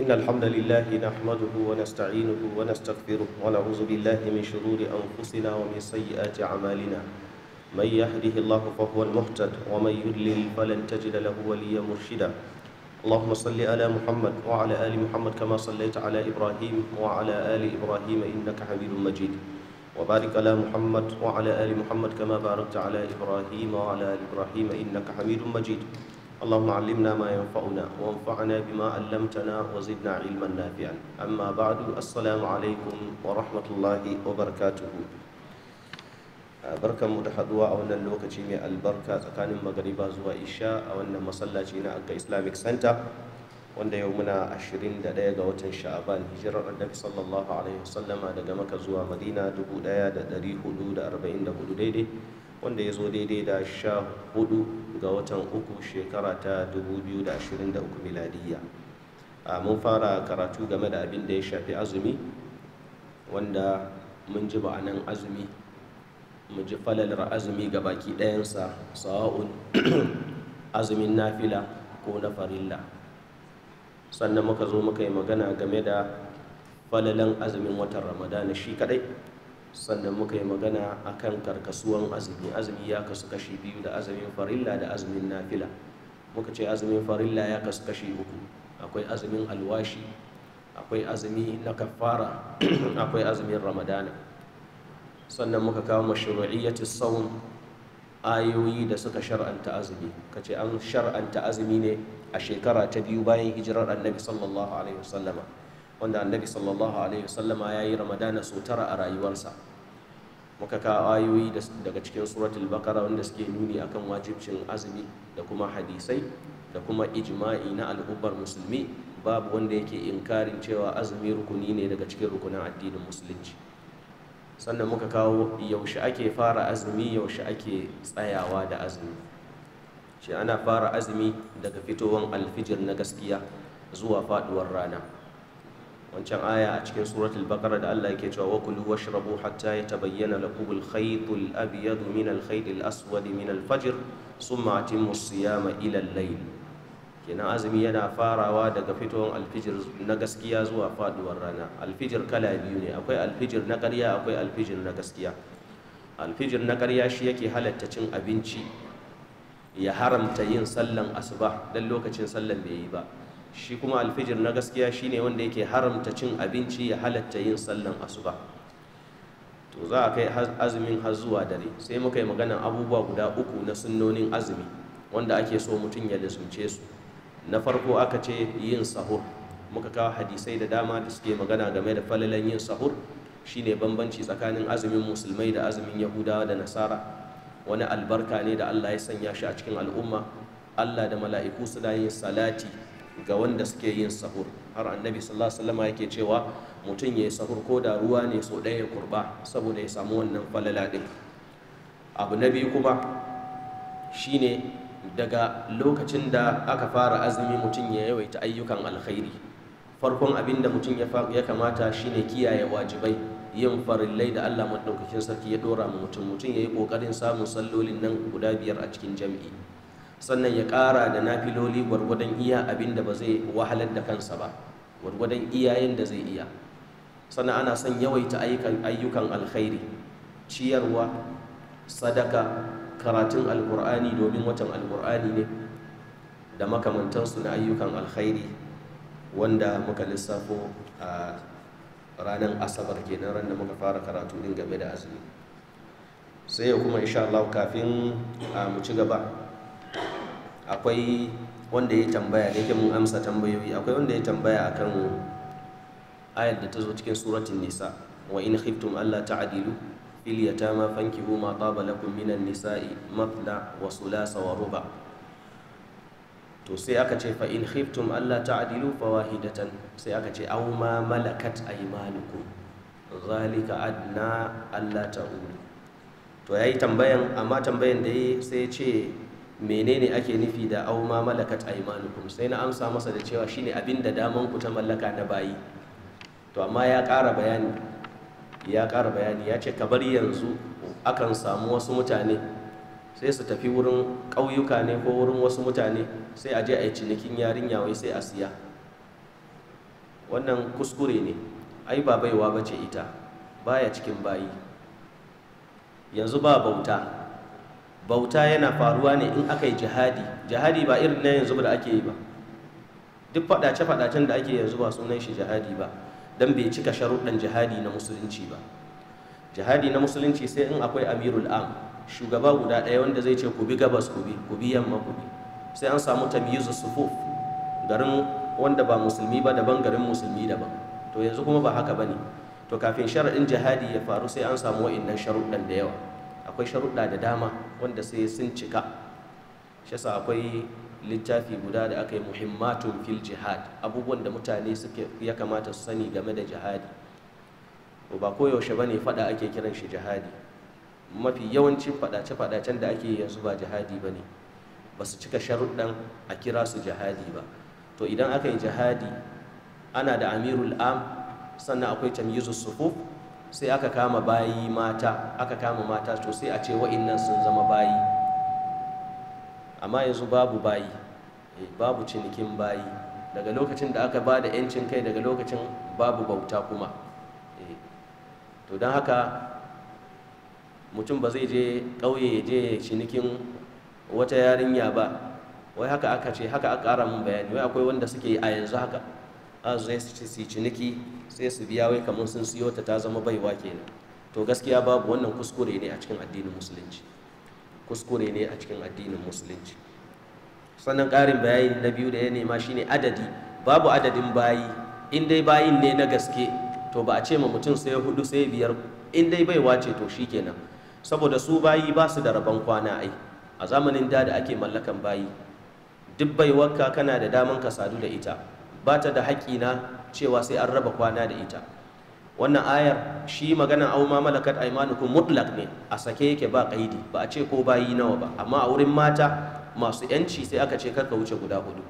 إن الحمد لله نحمده ونستعينه ونستغفره ونعوذ بالله من شرور أنفسنا ومن سيئات أعمالنا من يهده الله فهو المهتد ومن يضلل فلن تجد له وليا مرشدا اللهم صل على محمد وعلى آل محمد كما صليت على إبراهيم وعلى آل إبراهيم إنك حميد مجيد وبارك على محمد وعلى آل محمد كما باركت على إبراهيم وعلى آل إبراهيم إنك حميد مجيد اللهم علمنا ما ينفعنا وانفعنا بما علمتنا وزدنا علما نافعا أما بعد السلام عليكم ورحمة الله وبركاته barkanmu da haduwa a wannan lokaci mai albarka tsakanin magariba zuwa isha a wannan masallaci na agga islamic center wanda yau muna daya ga watan sha'aban hijirar annabi sallallahu alaihi wasallama daga maka zuwa madina 1444 daidai wanda ya zo daidai da sha hudu ga watan uku shekara ta 2023 miladiyya mun fara karatu game da abin da ya shafi azumi wanda mun ji ba'anan azumi mun ji falalar azumi ga baki ɗayansa sawa'un azumin nafila ko na farilla sannan muka zo muka yi magana game da falalan azumin watan ramadana shi kadai sannan muka yi magana akan karkasuwan azumi azumi ya kasu kashi biyu da azumin farilla da azumin nafila muka ce azumin farilla ya kasu kashi uku akwai azumin alwashi akwai azumi na kafara akwai azumin ramadana sannan muka kawo ci sawm ayoyi da suka shar'anta azumi kace an shar'anta azumi ne a shekara ta biyu bayan hijirar annabi sallallahu alaihi wasallama wanda annabi sallallahu alaihi wasallama ya yi ramadana sau tara a rayuwarsa muka ka ayoyi daga cikin suratul bakara wanda suke nuni akan wajibcin azumi da kuma hadisai da kuma ijma'i na al'ummar musulmi babu wanda yake inkarin cewa azumi rukuni ne daga cikin rukunin addinin musulunci sannan muka kawo yaushe ake fara azumi yaushe ake tsayawa da azumi shi ana fara azumi daga fitowar alfijir na gaskiya zuwa faduwar rana wancan aya a cikin suratul baqara da Allah yake cewa wakulu washrabu hatta yatabayyana lakum al-khayt al-abyad min al-khayt al-aswad min al-fajr thumma atimmu as-siyama ila al-layl kenan azumi yana farawa daga fitowar alfijir na gaskiya zuwa faduwar rana alfijir kala biyu ne akwai alfijir na ƙarya akwai alfijir na gaskiya alfijir na ƙarya shi yake halatta cin abinci ya haramta yin sallan asuba dan lokacin sallan bai yi ba shi kuma alfijir na gaskiya shine wanda yake haramta cin abinci ya halatta yin sallan asuba to za a kai azumin har zuwa dare sai muka yi maganan abubuwa guda uku na sunnonin azumi wanda ake so mutum ya lisumce su na farko aka ce yin sahur muka kawo hadisai da dama da suke magana game da falalan yin sahur shine bambanci tsakanin azumin musulmai da azumin yahudawa da nasara wani albarka ne da allah ya sanya shi a cikin al'umma allah da mala'iku suna yin salati ga wanda suke yin sahur har annabi sallallahu alaihi wasallam yake cewa mutum ya yi sahur ko da ruwa ne so ɗaya ya kurba saboda ya samu wannan falala ɗin abu na biyu kuma shine daga lokacin da aka fara azumi mutum ya yawaita ayyukan alkhairi farkon abin da mutum ya kamata shine kiyaye wajibai yin farillai da Allah maɗaukakin sarki ya ɗora mu mutum mutum ya yi ƙoƙarin samun sallolin nan guda biyar a cikin jami'i sannan ya ƙara da nafiloli gwargwadon iya abin da ba zai wahalar da kansa ba gwargwadon iyayen da zai iya sannan ana son yawaita ayyukan alkhairi ciyarwa sadaka karatun alkur'ani domin watan alkur'ani ne da makamantansu na ayyukan alkhairi wanda muka lissafo a ranar asabar kenan ran da muka fara karatu din game da azumi sai ya kuma insha Allah kafin mu ci gaba akwai wanda ya tambaya da yake mun amsa tambayoyi akwai wanda ya tambaya akan ayar da ta zo cikin suratun nisa wa in khiftum alla ta'dilu fil yatama fankihu ma taba lakum minan nisa'i mathla wa sulasa wa ruba to sai aka ce fa in khiftum alla ta'dilu wahidatan? sai aka ce aw ma malakat aymanukum zalika adna alla ta'ulu to yayi tambayan amma tambayan da yi sai ya ce menene ake nufi da au ma malakat aymanukum sai na amsa masa da cewa shine abin da daman ku ta mallaka na bayi to amma ya ƙara bayani ya ƙara bayani ya ce kabar yanzu akan samu wasu mutane sai su tafi wurin ƙauyuka ne ko wurin wasu mutane sai a je a yi cinikin yarinya wai sai a siya wannan kuskure ne ai ba baiwa bace ita baya cikin bayi yanzu ba bauta bauta yana faruwa ne in aka yi jihadi jihadi ba irin na yanzu ba da ake yi ba duk faɗace-faɗacen da ake yanzu ba sunan shi jihadi ba don bai cika sharuɗan jihadi na musulunci ba jihadi na musulunci sai in akwai amirul am shugaba guda ɗaya wanda zai ce ku bi gabas ku bi yamma ku sai an samu tamyizu sufuf garin wanda ba musulmi ba daban garin musulmi daban to yanzu kuma ba haka ba ne, to kafin sharaɗin jihadi ya faru sai an samu wa'innan sharuɗan da yawa akwai sharuɗa da dama wanda sai sun cika shasa akwai littafi guda da aka yi muhimmatun fil jihad abubuwan da mutane suke ya kamata su sani game da jihadi ba koyaushe ba ne faɗa ake kiran shi jihadi mafi yawancin faɗace-faɗacen da ake yanzu ba jihadi ba ne ba su cika sharuɗan a kira su jihadi ba to idan aka yi jihadi ana da amirul am sannan akwai tamyizu sufuf sai aka kama bayi mata aka kama mata to sai a ce wa'innan sun zama bayi amma yanzu babu bayi eh, babu cinikin bayi daga lokacin da aka ba da 'yancin kai daga lokacin babu bauta kuma eh. to don haka mutum ba zai je ƙauye ya je cinikin wata yarinya ba wai haka aka ce haka aka ƙara mun bayani wai akwai wanda suke a yanzu haka a zai su ciniki sai su biya wai kamar sun siyo ta ta zama baiwa kenan to gaskiya babu wannan kuskure ne a cikin addinin musulunci kuskure ne a cikin addinin musulunci sannan ƙarin bayani na biyu da ya nema shine adadi babu adadin bayi in dai bayin ne na gaske to ba a ce ma mutum sai hudu sai biyar in dai baiwa ce to shikenan saboda su bayi ba su da rabon kwana ai a zamanin da da ake mallakan bayi duk baiwarka kana da daman ka sadu da ita ba ta da haƙina cewa sai an raba kwana da ita wannan ayar shi magana au ma malakat aymanukum mutlaq ne a sake yake ba kaidi ba a ce ko bayi nawa ba amma a wurin mata masu yanci sai aka ce karka wuce guda hudu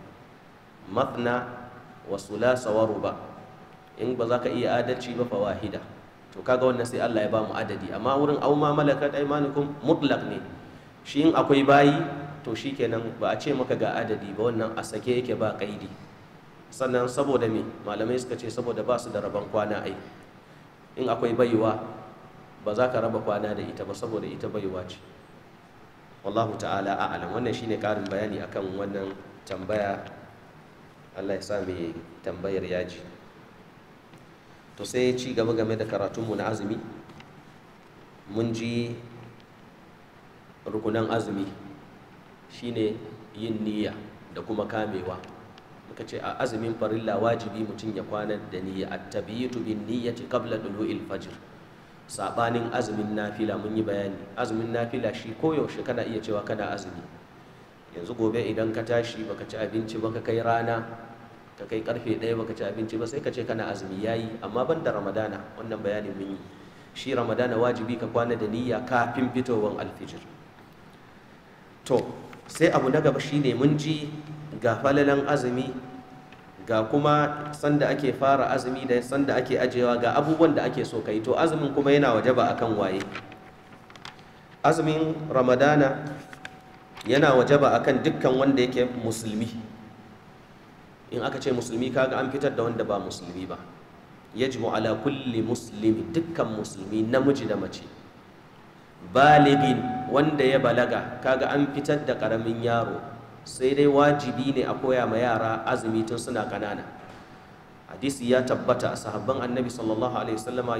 matna wa sulasa wa ruba in ba za ka iya adalci ba fa wahida to kaga wannan sai Allah ya ba mu adadi amma wurin au ma malakat aymanukum mutlaq ne shi in akwai bayi to shikenan ba a ce maka ga adadi ba wannan a sake yake ba kaidi sannan saboda me malamai suka ce saboda ba su da rabon kwana ai in akwai baiwa ba za ka raba kwana da ita ba saboda ita baiwa ce wallahu ta'ala a'lam wannan shine karin bayani akan wannan tambaya Allah ya sa mai tambayar yaji to sai ci gaba game da karatunmu na azumi mun ji rukunan azumi shine yin niyya da kuma kamewa muka ce a azumin farilla wajibi mutum ya kwana da niyya a tabiyitu bin niyyati qabla dulu'il Fajir. sabanin azumin nafila mun yi bayani azumin nafila shi koyaushe kana iya cewa kana azumi yanzu gobe idan ka tashi baka ci abinci baka kai rana ka kai karfe ɗaya baka ci abinci ba sai ka ce kana azumi yayi amma ban da ramadana wannan bayanin mun yi shi ramadana wajibi ka kwana da niyya kafin fitowar alfijir to sai abu na gaba shi ne mun ji ga falalan azumi ga kuma sanda ake fara azumi da sanda ake ajewa ga abubuwan da ake so kai to azumin kuma yana wajaba akan waye azumin ramadana yana wajaba akan dukkan wanda yake musulmi in aka ce musulmi kaga an fitar da wanda ba musulmi ba yajibu ala kulli muslimi dukkan musulmi namiji da mace baligin wanda ya balaga kaga an fitar da karamin yaro sai dai wajibi ne a koya ma yara azumi tun suna ƙanana hadisi ya tabbata a sahabban annabi sallallahu alaihi wasallama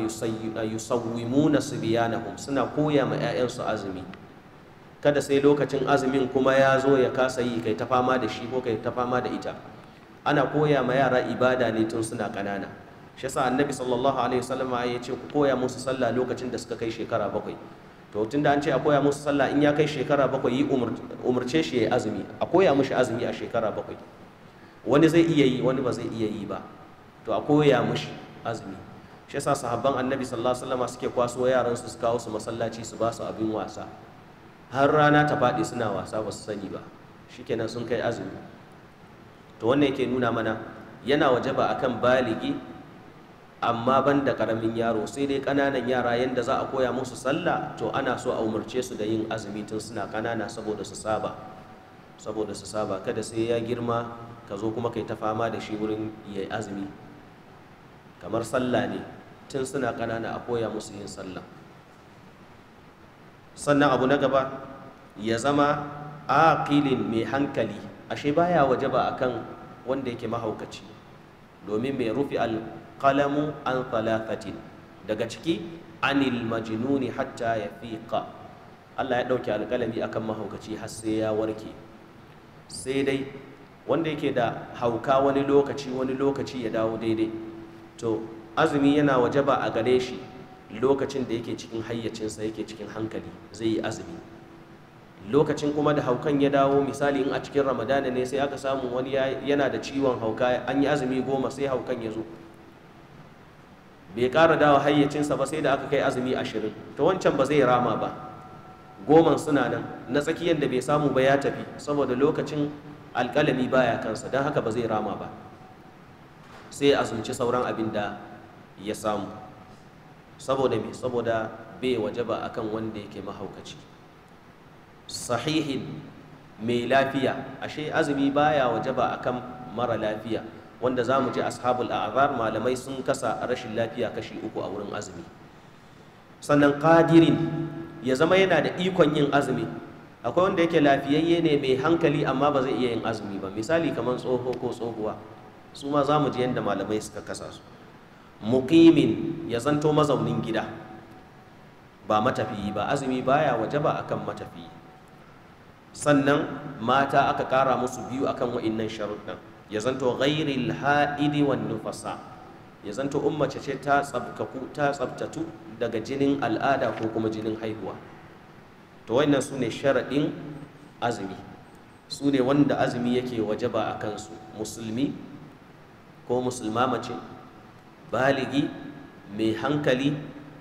yusawwimuna subyanahum suna koya ma ƴaƴansu azumi kada sai lokacin azumin kuma ya zo ya kasa yi kai ta fama da shi ko kai ta fama da ita ana koya ma yara ibada ne tun suna ƙanana shi yasa annabi sallallahu alaihi wasallama ya ce ku koya musu sallah lokacin da suka kai shekara bakwai to tun da an ce a koya musu sallah in ya kai shekara bakwai yi umarce shi ya yi azumi a koya mushi azumi a shekara bakwai wani zai iya yi wani ba zai iya yi ba to a koya mushi azumi shi yasa sahabban annabi sallallahu alaihi wasallam suke kwaso yaran su su kawo su masallaci su ba su abin wasa har rana ta faɗi suna wasa ba su sani ba shikenan sun kai azumi to wannan yake nuna mana yana wajaba akan baligi amma ban da karamin yaro sai dai kananan yara yadda za a koya musu sallah to ana so a umarce su da yin azumi tun suna kanana saboda su saba saboda su saba kada sai ya girma ka zo kuma kai ta fama da shi wurin ya azumi kamar sallah ne tun suna kanana a koya musu yin sallah sannan abu na gaba ya zama aqilin mai hankali ashe baya ba akan wanda yake mahaukaci domin mai rufi alƙalamu an thalathatin daga ciki anil majinuni hatta ya ka. Allah ya ɗauki alƙalami akan mahaukaci har sai ya warke sai dai wanda yake da hauka wani lokaci wani lokaci ya dawo daidai to azumi yana wajaba a gare shi lokacin da yake cikin hayyacinsa yake cikin hankali zai yi azumi lokacin kuma da haukan ya dawo misali in a cikin ramadana ne sai aka samu wani yana da ciwon hauka an yi azumi goma sai haukan ya zo bai ƙara dawo hayyacinsa ba sai da aka kai azumi ashirin ta wancan ba zai rama ba goman suna nan na tsakiyar da bai samu ba ya tafi saboda lokacin alƙalami baya kansa don haka ba zai rama ba sai azumci sauran abin da ya samu saboda bai waje ba akan wanda yake mahaukaci sahihin mai lafiya ashe azumi baya wajaba akan mara lafiya wanda za mu ji ashabul a'zar malamai sun kasa rashin lafiya kashi uku a wurin azumi sannan qadirin ya zama yana da ikon yin azumi akwai wanda yake lafiyayye ne mai hankali amma ba zai iya yin azumi ba misali kamar tsoho ko tsohuwa su ma za mu ji yadda malamai suka kasa su muqimin ya zanto mazaunin gida ba matafiyi ba azumi baya wajaba akan matafiyi sannan mata aka ƙara musu biyu akan wa'innan sharuɗin ya zanto ghairil ha'idi wan nufasa ya zanto ummace ce ta tsabkaku ta tsabtatu daga jinin al'ada ko kuma jinin haihuwa to wannan su ne sharaɗin azumi su ne wanda azumi yake wajaba a kansu musulmi ko musulma mace baligi mai hankali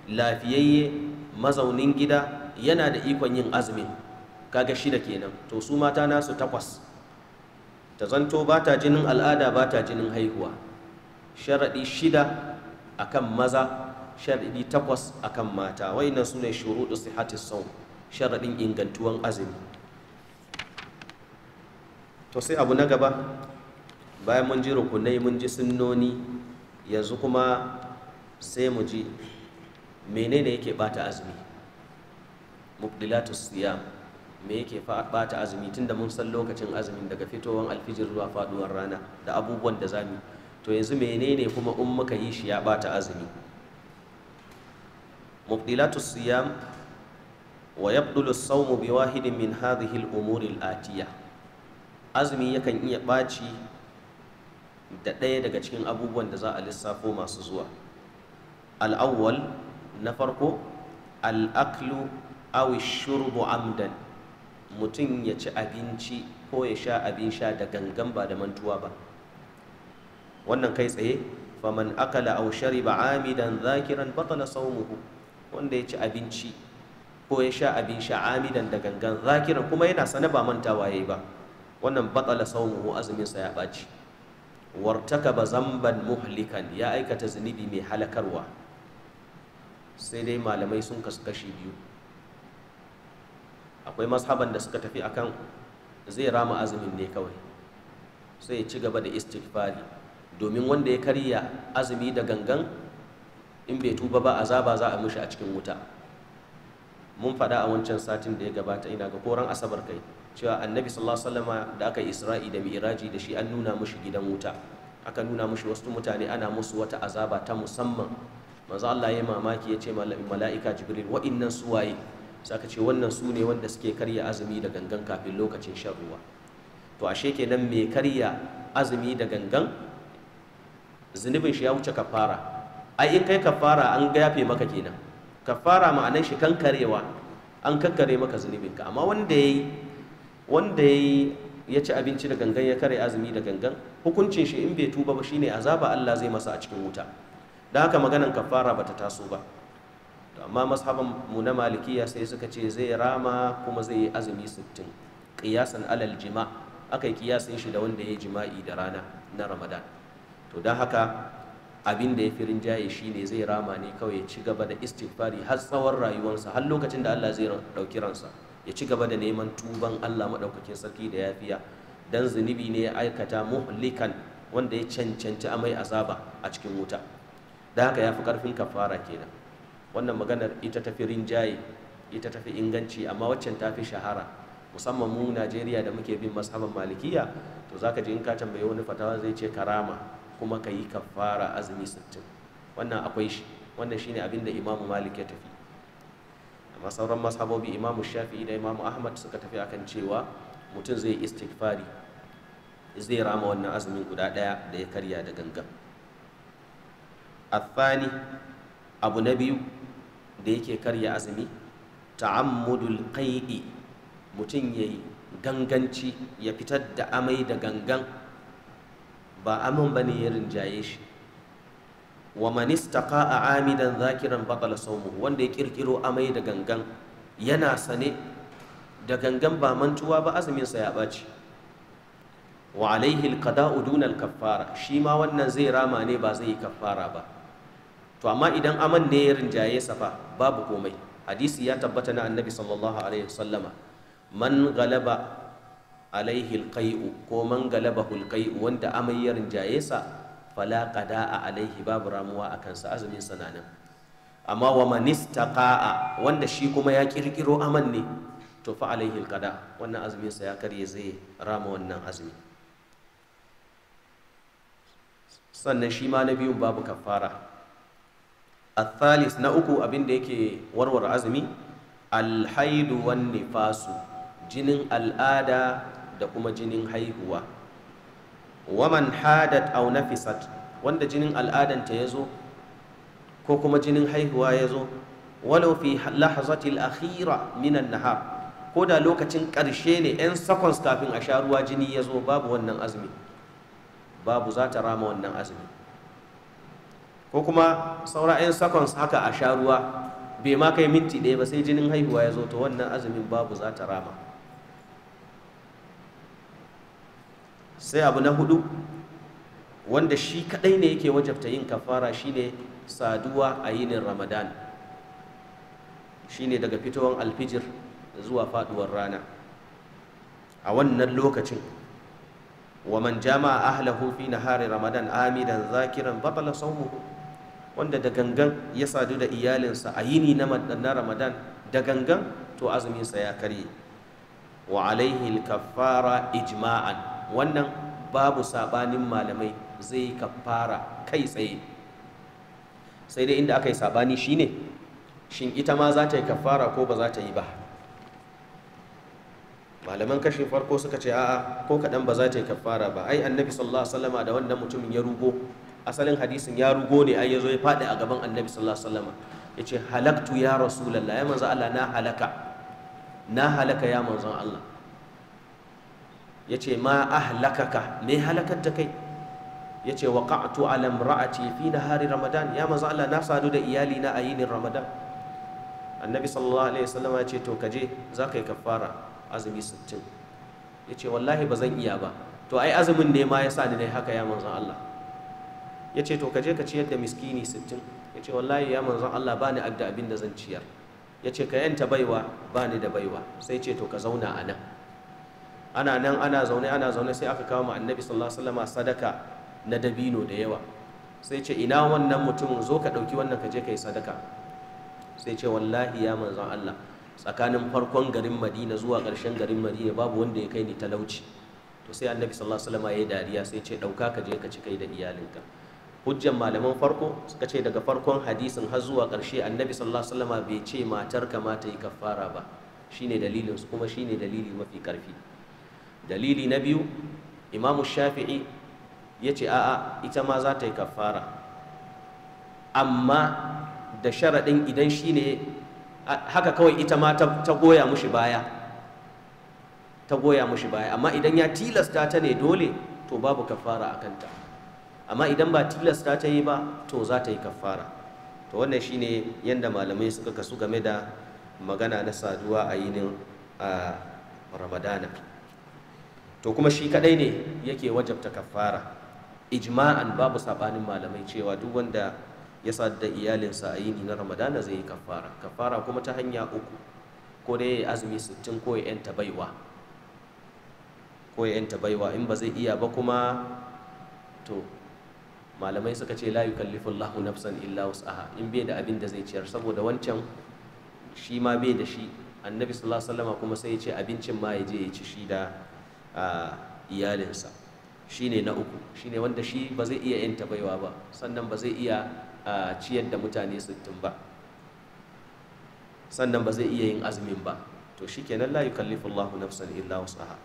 lafiyayye mazaunin gida yana da ikon yin azumi. kaga shida kenan to su mata nasu takwas ta zanto ba ta jinin al'ada ba ta jinin haihuwa sharaɗi shida akan maza sharaɗi takwas akan mata wa'innan su ne shuruɗu sihatis sau sharaɗin ingantuwan azumi to sai abu na gaba bayan mun ji rukunai mun ji sunnoni yanzu kuma sai mu ji menene yake bata azumi mubdilatus siyam me yake bata azumi tun da mun san lokacin azumi daga fitowar alfijir zuwa faduwar rana da abubuwan da zamu to yanzu menene kuma in muka yi shi ya bata azumi muqdilatu siyam wa yabdulu as-sawm bi wahidin min hadhihi al-umuri al-atiya azumi yakan iya baci da ɗaya daga cikin abubuwan da za a lissafo masu zuwa al-awwal na farko al-aklu aw ash-shurbu amdan mutum ya ci abinci ko ya sha abin sha da gangan ba da mantuwa ba wannan kai tsaye faman akala aw shariba amidan zakiran batala sawmuhu wanda ya ci abinci ko ya sha abin sha amidan da gangan zakiran kuma yana sane ba mantawa yayi ba wannan batala sawmuhu azumin sa ya baci wartakaba zamban muhlikan ya aikata zunubi mai halakarwa sai dai malamai sun kasu kashi biyu akwai mashaban da suka tafi akan zai rama azumin ne kawai sai ya ci gaba da istighfari domin wanda ya karya azumi da gangan in bai tuba ba azaba za a mushi a cikin wuta mun faɗa a wancan satin da ya gabata ina ga koran asabar kai cewa annabi sallallahu alaihi wasallam da aka isra'i da mi'raji da shi an nuna mushi gidan wuta aka nuna mushi wasu mutane ana musu wata azaba ta musamman manzo Allah ya mamaki ya ce mala'ika jibril su suwaye saka ce wannan su ne wanda suke karya azumi da gangan kafin lokacin shan ruwa to ashe kenan mai karya azumi da gangan zunubin shi ya wuce kafara ai in kai kafara an yafe maka kenan kafara ma'anar shi kankarewa an kankare maka ka. amma wanda yayi wanda yayi ya ci abinci da gangan ya kare azumi da gangan hukuncin shi in bai tuba ba shine azaba Allah zai masa a cikin wuta dan haka maganan kafara bata taso ba amma mashaban mu na malikiya sai suka ce zai rama kuma zai yi azumi 60 kiyasan alal jima aka yi kiyasan shi da wanda ya yi jima'i da rana na ramadan to don haka abin da ya fi rinjaye shi ne zai rama ne kawai ya ci gaba da istighfari har tsawon rayuwarsa har lokacin da Allah zai ɗauki ransa ya ci gaba da neman tuban Allah maɗaukakin sarki da yafiya dan zunubi ne ya aikata muhlikan wanda ya cancanci amai azaba a cikin wuta da haka ya fi ƙarfin kafara kenan wannan maganar ita tafi rinjaye ita tafi inganci amma waccan tafi shahara musamman mu Najeriya da muke bin mashaban malikiya to zaka ji in ka tambaye wani fatawa zai ce karama kuma ka yi kafara azumi 60 wannan akwai shi wannan shine abin da Imam Malik ya tafi amma sauran mashabobi Imam Shafi'i da Imam Ahmad suka tafi akan cewa mutum zai istighfari zai rama wannan azumin guda daya da ya karya da gangan الثاني abu na biyu da yake karya azumi ta'ammudul qai'i mutum ya yi ganganci ya fitar da amai da gangan ba amin ba ne ya rinjaye shi wa man a amidan zakiran baƙala sawmuhu wanda ya ƙirƙiro amai da gangan yana sane da gangan ba mantuwa ba azuminsa ya ɓaci wa alaihi alƙada'u duna alkaffara shi ma wannan zai rama ne ba zai yi kaffara ba to amma idan aman ne ya rinjaye sa fa babu komai hadisi ya tabbata na annabi sallallahu alaihi wasallama man galaba alaihi alqai'u ko man Galaba alqai'u wanda amai ya rinjaye sa fala qada'a alaihi babu ramuwa akan sa azumin nan. amma wa man istaqa'a wanda shi kuma ya kirkiro aman ne to fa alaihi alqada wannan azumin sa ya karye zai rama wannan azumi sannan shi ma na biyun babu kafara A athalis na uku abin da yake warware azumi alhaidu wan nifasu jinin al'ada da kuma jinin haihuwa waman hadat aw nafisat wanda jinin al'adanta ya zo ko kuma jinin haihuwa ya zo walau fi lahzatil akhira minan nahar ko da lokacin ƙarshe ne 'yan seconds kafin a sha ruwa jini ya zo babu wannan azumi babu za ta rama wannan azumi ko kuma saura 'yan seconds haka a sha ruwa bai ma kai minti ɗaya ba sai jinin haihuwa ya zo to wannan azumin babu za ta rama sai abu na hudu wanda shi kadai ne yake wajabta yin kafara shine saduwa a yinin ramadan shine daga fitowar alfijir zuwa faduwar rana a wannan lokacin wa man jama'a ahlahu fi nahari ramadan amidan zakiran batala sawmuhu wanda da gangan ya sadu da iyalinsa a yini na ramadan da gangan to azuminsa ya karye wa alaihi kafara ijma'an wannan babu sabanin malamai zai kafara kai tsaye sai dai inda aka yi sabani shine shin ita ma za ta yi kafara ko ba za ta yi ba malaman kashin farko suka ce a'a ko kaɗan ba za ta yi kafara ba ai annabi sallallahu alaihi wasallama da wannan mutumin ya rubo asalin hadisin ya rugo ne ai yazo ya faɗi a gaban annabi sallallahu alaihi wasallam yace halaktu ya rasulullah ya manzo Allah na halaka na halaka ya manzo Allah yace ma ahlakaka me halakar ta kai yace waqa'tu ala imra'ati fi nahari ramadan ya manzo Allah na sadu da iyali na ayinin ramadan annabi sallallahu alaihi wasallam ya ce to kaje za ka yi kafara azumi 60 yace wallahi ba zan iya ba to ai azumin ne ma yasa ni dai haka ya manzo Allah ya ce to ka je ka ciyar da miskini sittin ya ce wallahi ya manzon Allah bani da abin da zan ciyar ya ce ka yanta baiwa bani da baiwa sai ce to ka zauna a nan ana nan ana zaune ana zaune sai aka kawo ma annabi sallallahu sadaka na dabino da yawa sai ce ina wannan mutumin zo ka dauki wannan kaje je sadaka sai ce wallahi ya manzon Allah tsakanin farkon garin Madina zuwa ƙarshen garin Madina babu wanda ya kai ni talauci to sai annabi sallallahu alaihi wasallam ya yi dariya sai ce ɗauka ka je ka ci kai da iyalinka hujjan malaman farko suka ce daga farkon hadisin har zuwa ƙarshe annabi sallallahu alaihi wasallam bai ce matar kamata yi kafara ba shine dalilin su kuma shine dalili mafi karfi dalili na biyu Imam shafi'i ya ce a'a ita ma za ta yi kafara amma da sharaɗin idan shine haka kawai ita ma ta goya mushi baya ta goya mushi baya amma idan ya tilasta ta ne dole to babu kafara a kanta amma idan ba tilasta ta yi ba to za ta yi kafara to wannan shine yadda malamai suka kasu game da magana na saduwa a yinin a ramadana to kuma shi kadai ne yake wajabta kafara ijma'an babu sabanin malamai cewa duk wanda ya sadu da iyalinsa a yini na ramadana zai yi kafara kafara kuma ta hanya uku ko yi azumi sittin ko ya yanta baiwa ko ya yanta baiwa in ba zai iya ba kuma to malamai suka ce la yukallifullahu nafsan illa wus'aha in bai da abin da zai ciyar saboda wancan shi ma bai da shi annabi sallallahu alaihi wasallam kuma sai ya ce abincin ma ya je ya ci shi da iyalinsa shine na uku shine wanda shi ba zai iya yanta baiwa ba sannan ba zai iya ciyar da mutane sittin ba sannan ba zai iya yin azumin ba to shikenan la yukallifullahu nafsan illa wus'aha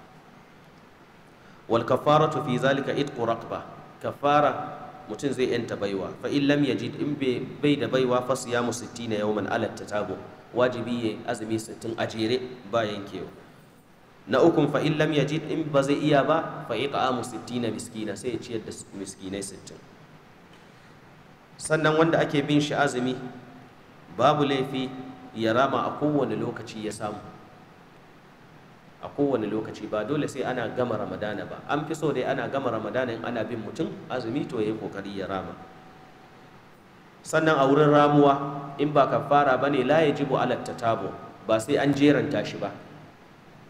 wal kafaratu fi zalika itqu raqba kafara mutum zai yanta baiwa fa in lam yajid in bai da baiwa fa siyamu 60 yawman ta tabo wajibi ya azumi 60 a jere ba yankewa na uku fa in lam yajid in ba zai iya ba fa iqamu 60 miskina sai ya ciyar da miskinai 60 sannan wanda ake bin shi azumi babu laifi ya rama a kowane lokaci ya samu a kowane lokaci ba dole sai ana gama ramadana ba an fi so dai ana gama ramadana in ana bin mutum azumi to ya yi kokari ya rama sannan a wurin ramuwa in ba kafara ba ne la jibo alatta tabo ba sai an jeranta shi ba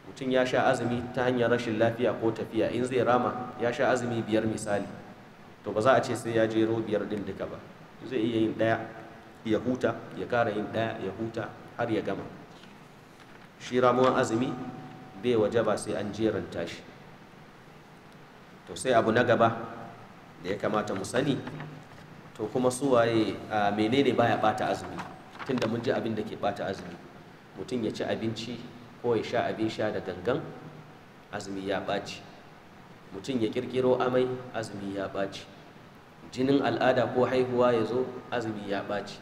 mutum ya sha azumi ta hanyar rashin lafiya ko tafiya in zai rama ya sha azumi biyar misali to ba za a ce sai ya jero biyar din duka ba zai iya yin ɗaya ya huta ya kara yin ɗaya ya huta har ya gama shi ramuwan azumi bai waje ba sai an jeranta shi to sai abu na gaba da ya kamata mu sani to kuma su waye a menene baya bata azumi tunda mun ji abin da ke bata azumi mutum ya ci abinci ko ya sha abin sha da gangan azumi ya ɓaci mutum ya kirkiro amai azumi ya ɓaci jinin al'ada ko haihuwa ya zo azumi ya baci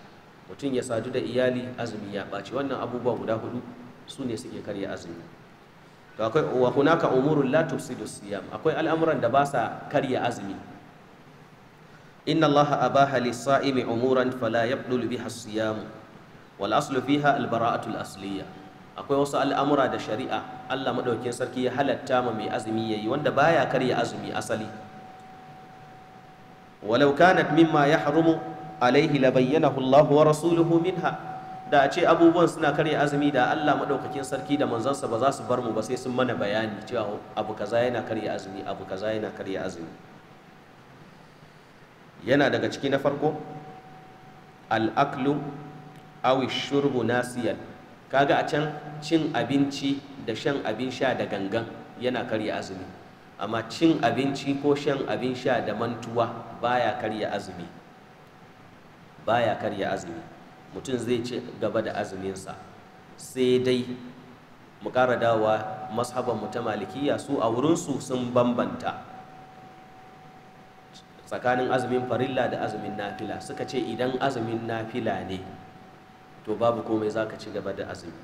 mutum ya sadu da iyali azumi ya baci wannan abubuwa guda hudu su ne suke karya azumi to akwai wa hunaka umurun la tufsidu siyam akwai al'amuran da ba sa karya azumi inna Allah abaha lis-sa'imi umuran fala yabdul biha siyam wal aslu fiha al-bara'atu asliya akwai wasu al'amura da shari'a Allah madaukakin sarki ya halatta ma mai azumi yayi wanda baya karya azumi asali walau kanat mimma yahrumu alaihi labayyanahu Allah wa rasuluhu minha da a ce abubuwan suna karya azumi da Allah maɗaukakin sarki da manzansa ba za su bar mu ba sai sun mana bayani cewa abu kaza yana karya azumi abu kaza yana karya azumi yana daga ciki na farko al'aklu awi shurbu nasiyan kaga a can cin abinci da shan abin sha da gangan yana karya azumi amma cin abinci ko shan abin sha da mantuwa baya karya azumi baya karya azumi mutum zai ci gaba da azuminsa sai dai mu ƙara dawa mashaban mu ta malikiya su a wurinsu sun bambanta tsakanin azumin farilla da azumin nafila suka ce idan azumin nafila ne to babu komai za ka ci gaba da azumi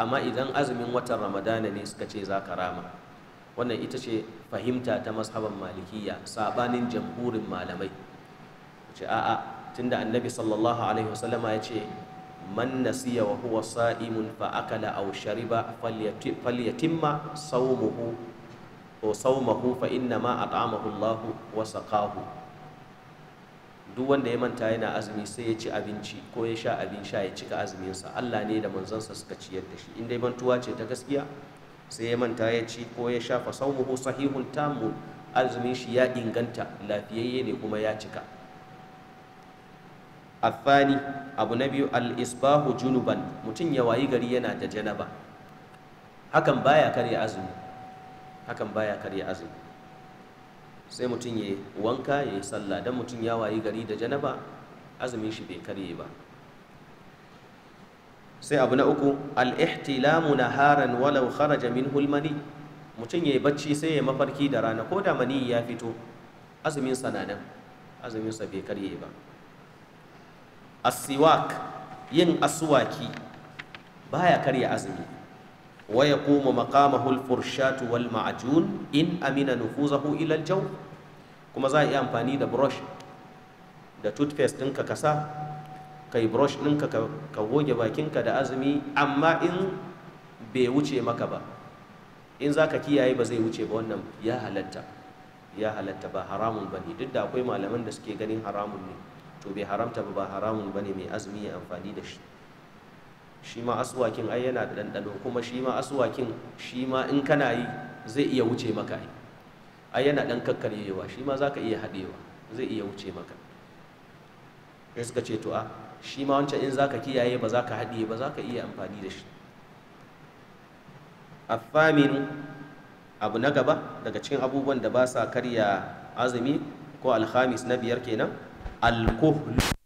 amma idan azumin watan ramadana ne suka ce za ka rama wannan ita ce fahimta ta mashaban malikiya sabanin jamhurin malamai ce a'a tunda annabi sallallahu alaihi wasallama ya ce man nasiya wa huwa sa'imun fa akala aw shariba falyatimma sawmuhu o sawmahu fa inna ma at'amahu Allahu wa saqahu duk wanda ya manta yana azumi sai ya ci abinci ko ya sha abin sha ya cika azumin sa Allah ne da manzansa suka ciyar da shi in dai mantuwa ce ta gaskiya sai ya manta ya ci ko ya sha fa sawmuhu sahihun tammu azumin shi ya inganta lafiyayye ne kuma ya cika al’isbahu junuban mutum ya wayi gari yana da janaba hakan baya karya azumi hakan baya karya azumi, sai mutum ya wanka ya yi sallah don mutum ya wayi gari da janaba azumin shi bai karye ba sai abu na uku al’ihtilamu na haran walau kharaja min hulmani mutum ya yi bacci sai ya mafarki da rana ko da mani ya fito azumin na nan azumin sa bai karye ba asiwak yin aswaki baya karya azumi wa yaqumu makama al ma'ajun wal ma'jun in amina nufuzahu ila ilal jaw kuma za a iya amfani da brush da toothpaste ɗinka ka kasa kai brush ɗinka ka goge bakinka da azumi amma in bai wuce maka ba in za ka kiyaye ba zai wuce ba wannan ya halatta ya halatta ba haramun ba ne duk da akwai malaman da suke ganin haramun ne to bai haramta ba ba haramun ba ne mai azumi ya amfani da shi shi ma asuwakin ai yana da ɗanɗano kuma shi ma asuwakin shi ma in kana yi zai iya wuce maka ai ai yana ɗan kakkaryewa shi ma za ka iya haɗewa zai iya wuce maka sai suka ce to a shi ma wancan in za ka kiyaye ba za ka haɗiye ba za ka iya amfani da shi afaminu abu na gaba daga cikin abubuwan da ba sa karya azumi ko alhamis na biyar kenan alkohol